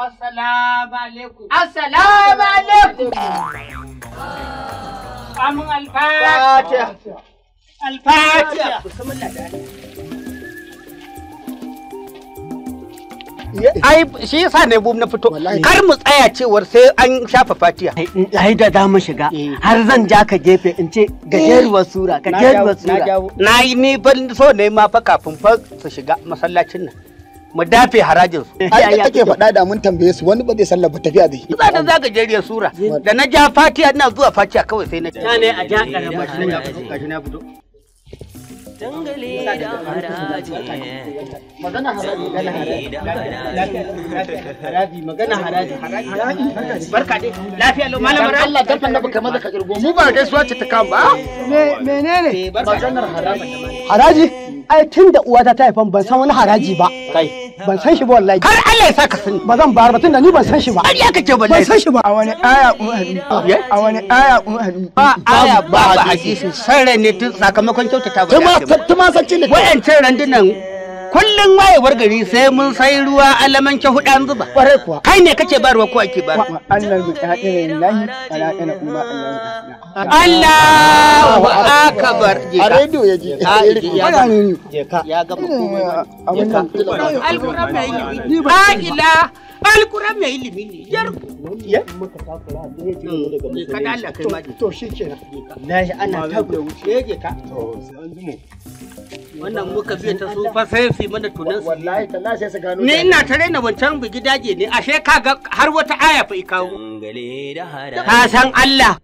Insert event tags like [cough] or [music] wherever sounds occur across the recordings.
Assalamu alaikum. Assalamu alaikum. Amin alfatiha. Alfatiha. Ai shi yasa ne bum na fito kar mu tsaya cewar sai an shafa fatiya. Ai da dama shiga eh. har zan ja ka gefe in ce gajeruwar eh. sura gajeruwar sura. Na yi ni ban so ne ma fa kafin fa su shiga masallacin nan. mu dafe harajin su ai ake faɗa da mun tambaye su wani ba zai sallah tafiya da shi za zaka jeriya sura da na ja fatiya ina zuwa fatiya kawai sai na ta ne a ja karama shi na fito gashi na fito dangale da haraji magana haraji magana haraji magana haraji haraji barka dai lafiya lo malam Allah dan annabi kamar da ka kirgo mu ba gaisuwa ce ta kan ba menene eh, maganar haraji haraji ai tun da uwa ta taifan ban san wani haraji ba kai ban san shi ba wallahi Har Allah ya saka sani ba zan bayar ba tun da ni ban san shi ba ai ya kace ba ban san shi ba a wani aya umarni. a wani aya umarni. ba aya ba ba hadisi sarra ne tun sakamakon kyautata ba tuma tuma sancin da ran randunan kullun wayewar gari sai mun sai ruwa alaman ke hudu an zuba kwarai kuwa kai ne kace ba ruwa ko ake ba Allah mu ta dare lahi ala ala umma Allahu akbar ka radio ya ji je ka ya ga komai eh, abin nan alquran mai ilimi ba ila alquran mai ilimi ne yar ya muka takura ne je ka Allah kai ma to shi shikenan lahi ana ta takura wuce je ka to sai an ji wannan muka biya ta su fa sai mana tunan su wallahi tallahi sai su gano ni ina tare na wancan bigi daje ne ashe ka ga har wata aya fa ikawo ka san Allah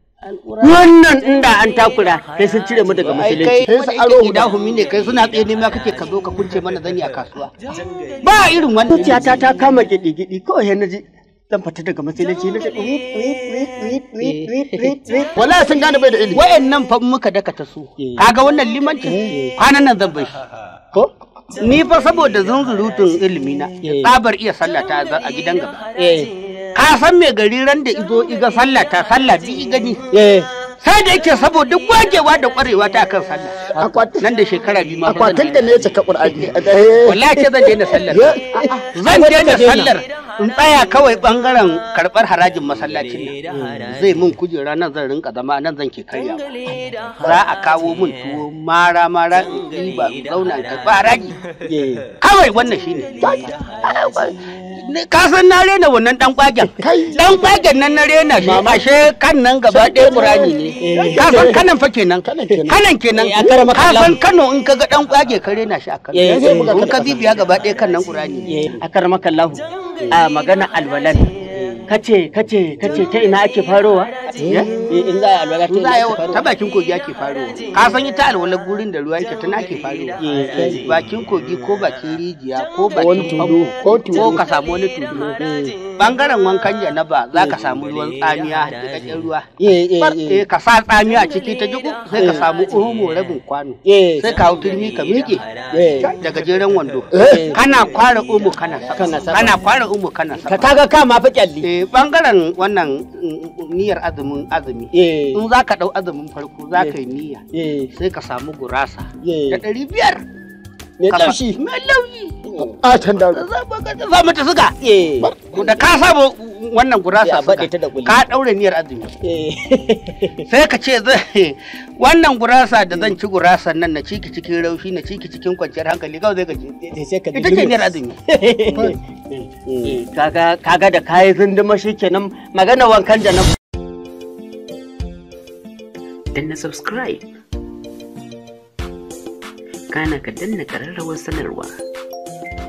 wannan inda an takura sai sun cire mu daga masallaci. sai su aro mu dahumi ne kai suna tsaye nema kake ka zo ka kunce mana zani a kasuwa ba irin wannan zuciyata ta kama gidi gidi kawai na ji zan fita daga masallaci na wallahi sun gane bai da ilimi wayannan fa muka daka ta su eh. kaga wannan limanci eh. kwanan nan zan bai [laughs] ko ni fa saboda zunzurutun ilimi na eh. tsabar iya sallata a gidan gaba ka san me gari ran da izo iga sallata sallah bi gani eh sai da yake saboda gwagewa da kwarewa ta kan sallah nan da shekara biyu ma akwatin da ne ya cika qur'ani eh, wallahi ce zan daina sallar zan daina sallar in tsaya kawai bangaren karbar harajin masallacin nan zai mun kujera nan zan rinka zama nan zan ke karya za a kawo mun tuwo mara mara in ba zauna in karba haraji eh, kawai wannan shine ka san na rena wannan dan kwagen dan kwagen nan na rena ne ashe kan nan gaba ɗaya burani ne eh, ka san kanan fa kenan kanan kenan eh, ka san kano in ka ga dan kwage ka rena shi a kano eh, in ka bibiya gaba ɗaya kan nan burani a Lahu. a magana alwalan kace kace kace ta ina ake farowa eh, eh, in za a lura ta ina ta bakin kogi ake farowa ka san ita alwala gurin da ruwa yake ta na ake farowa eh, bakin kogi ko bakin rijiya ko bakin ko ka samu wani tudu bangaren wankan janaba za ka samu ruwan tsamiya hakikakken ruwa eh ka sa tsamiya ciki ta jiku sai ka samu omo rabin kwano sai ka hau turmi ka miƙe da gajeren wando kana kwara omo kana saka kana kwara omo kana ka kaga ka ma fa kyalli eh bangaren wannan mm, mm, niyyar azumin azumi in za ka dau azumin farko za ka yi niyya sai ka samu gurasa da ɗari biyar mai laushi mai laushi a can da za mu ta suka da ka saba wannan gurasa ka daure niyyar azumi eh. [laughs] sai ka ce wannan gurasa da zan ci gurasa nan na ciki cikin raushi na ciki cikin kwanciyar hankali kawai zai gaji eh, ita ce niyyar azumi [laughs] eh. kaga da kayi zunduma shi kenan magana wankan da na danna subscribe kana ka danna kararrawar sanarwa